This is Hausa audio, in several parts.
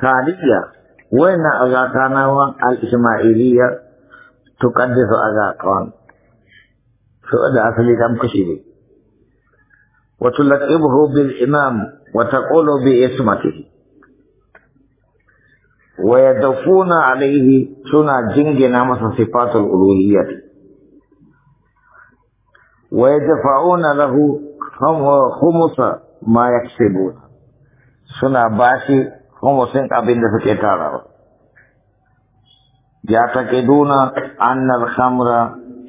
خارجية وين أذاقنا الإسماعيلية تقدس كان سؤال أصلي كم كشيدي وتلقبه بالإمام وتقول باسمته ويدفون عليه سنة جنجنا مثل صفات الألوهية ويدفعون له خمس ما يكسبون سنة باشي kuma sun abin da suke tarawa يعتقدون أن الخمر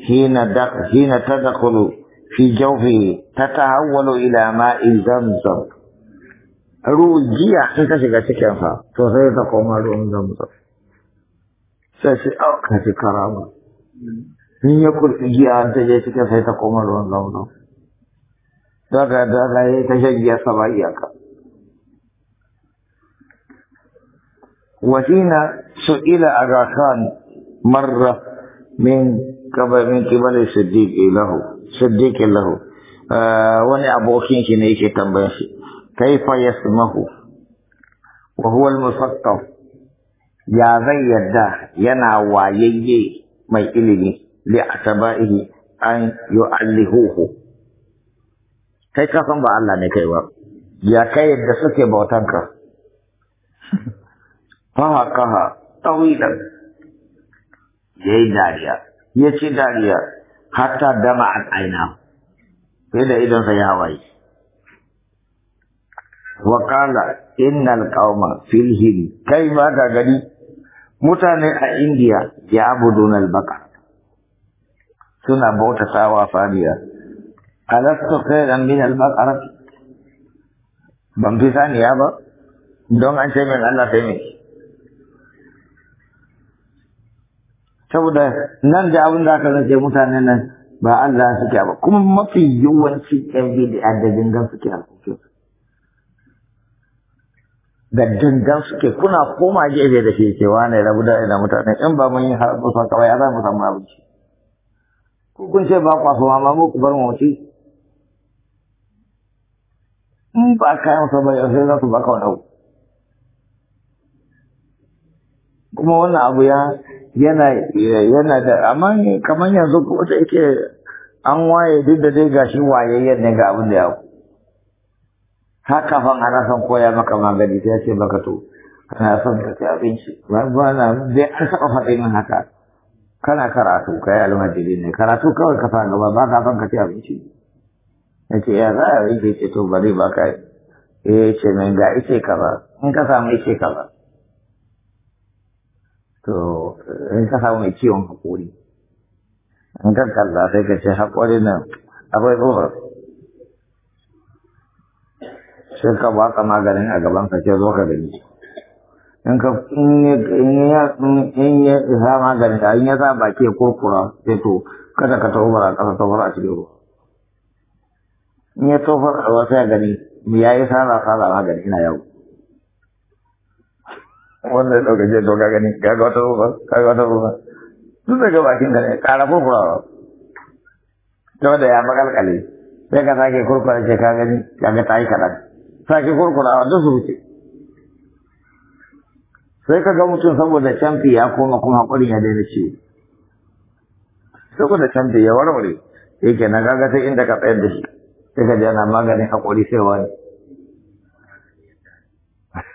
حين دق حين تدخل في جوفه تتحول إلى ماء زمزم روجيا حيث شكا شكا فا تصير تقوم لهم زمزم سيسي أوقع في كرامة من يقول إجياء أنت جيتك سيتقوم لهم زمزم daga daga ya ta shagiya ka Wasina su ila مرة من قبل من قبل صديق له صديق wani abokin shi ne yake tambayan shi kaifa yasmahu wa huwa al-musaqqaf ya zai yadda yana wayayye mai ilimi li ataba'ihi an yu'allihuhu kai ka ba Allah ne kai ba ya kai yadda suke bautar ka. fahakaha tawilan yayi dariya ya ce dariya hatta dama an aina sai da idonsa ya hawaye wa kala innal qauma fil kai ma ka gani mutane a indiya ya abudun albaka suna bautatawa fariya alastu khairan min albaqara ban fi saniya ba don an ce min Allah sai saboda nan da abin da aka zance mutanen nan ba Allah suke ba kuma mafi yawanci bidi a da dangan suke harkokin da dangan suke kuna koma gefe da shi cewa ne rabu da ina mutane in ba mun yi harbu sa kawai a za mu samu abinci ko kun ce ba kwaso ma mu ku bar mu in ba ka yi ba yau sai za su baka wani abu kuma wannan abu ya yana yana da amma kamar yanzu ko wata yake an waye duk da dai gashi wayayyen ne ga abin da ya haka fa ana son koya maka magani sai ce baka to kana son ka ci abinci ba ba na dai an saba faɗi min haka kana karatu kai almajiri ne karatu kawai ka fara gaba ba ka son ka ci abinci ya ce ya za a yi ce to bari ba ka eh ce mai ga ice kaza in ka samu ice kaza to in ka samu mai ciwon haƙori in kan kalla sai ka ce haƙori nan akwai tsohon sai ka ba ka maganin a gaban ka ce zo ka gani in ka in ya sa maganin ka in ya sa baki ya kurkura sai to kada ka tofar a ƙasa tofar a cikin ruwa in ya tofar a wasu ya gani ya yi sara sara maganin ina yau wanda ya ɗauka jiya doka ka gani ka ga wata ruwa ka ga wata ruwa duk daga bakin ka ne kurkura ba ta wanda ya makalkale sai ka sake kurkura ce ka gani ka ga ta yi kaɗan sake kurkurawa duk su wuce sai ka ga mutum saboda canfi ya koma kuma haƙurin ya daina ciwo saboda canfi ya warware yake na gaga sai inda ka tsayar da shi sai ka jana maganin haƙuri sai wani.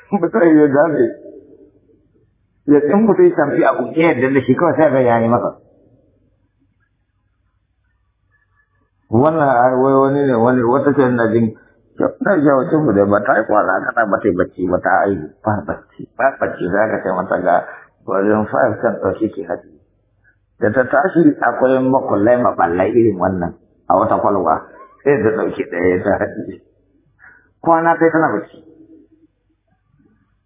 Mutane ya dame da sun mutum yi samfi a ya yadda da shi kawai sai ga yayi masa wannan wai wani ne wani wata ce na jin ta ja wata mu da ba ta yi kwara kana ba ta yi bacci ba ta aihu ba bacci ba bacci za ka ce mata ga wajen fayar kan ɗauki ke haji da ta tashi akwai makullai maballai irin wannan a wata kwalwa sai da ɗauki ɗaya ta haji kwana kai tana bacci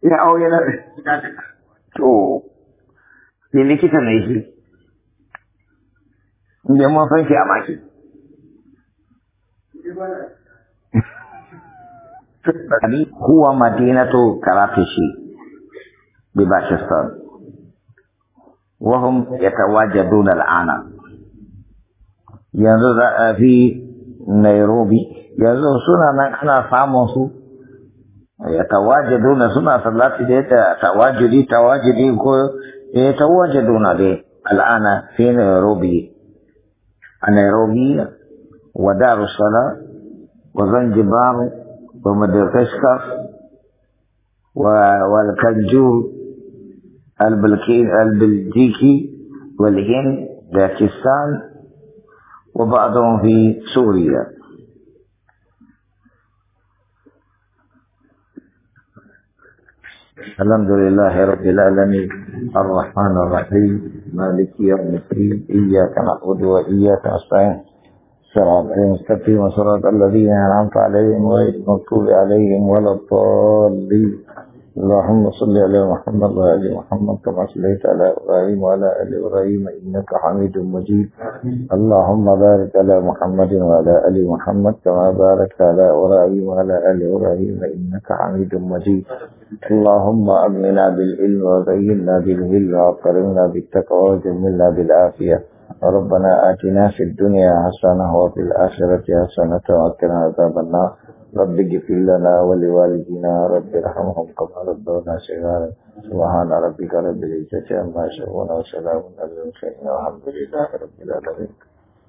Ya au yana da To, ni ne mai na yi mun san shi a maki. Ni kuwa madina to karafi shi, bi ba shi son. Wahum ya tawaje duna al'ana. Yanzu za a fi Nairobi, yanzu suna nan ana samun su ya tawajaduna suna sallati da ta tawajudi tawajudi ko ya tawajaduna dai al'ana fi Nairobi a Nairobi wa Darussalam wa Zanzibar wa Madagascar والكنجور البلجيكي والهند باكستان وبعضهم في سوريا الحمد لله رب العالمين الرحمن الرحيم مالك يوم الدين إياك نعبد وإياك نستعين صراط المستقيم وصراط الذين أنعمت عليهم غير المغضوب عليهم ولا الضالين اللهم صل على محمد وعلى محمد كما صليت على إبراهيم وعلى آل إبراهيم إنك حميد مجيد اللهم بارك على محمد وعلى آل محمد كما باركت على إبراهيم وعلى آل إبراهيم إنك حميد مجيد اللهم امنا بالعلم وزينا بالهل وأكرمنا بالتقوى وجملنا بالعافية ربنا آتنا في الدنيا حسنة وفي الآخرة حسنة وقنا عذاب النار رب اغفر لنا ولوالدينا رب ارحمهم كما ربونا صغارا سبحان ربك رب العزة عما يصفون وسلام على المرسلين والحمد لله رب العالمين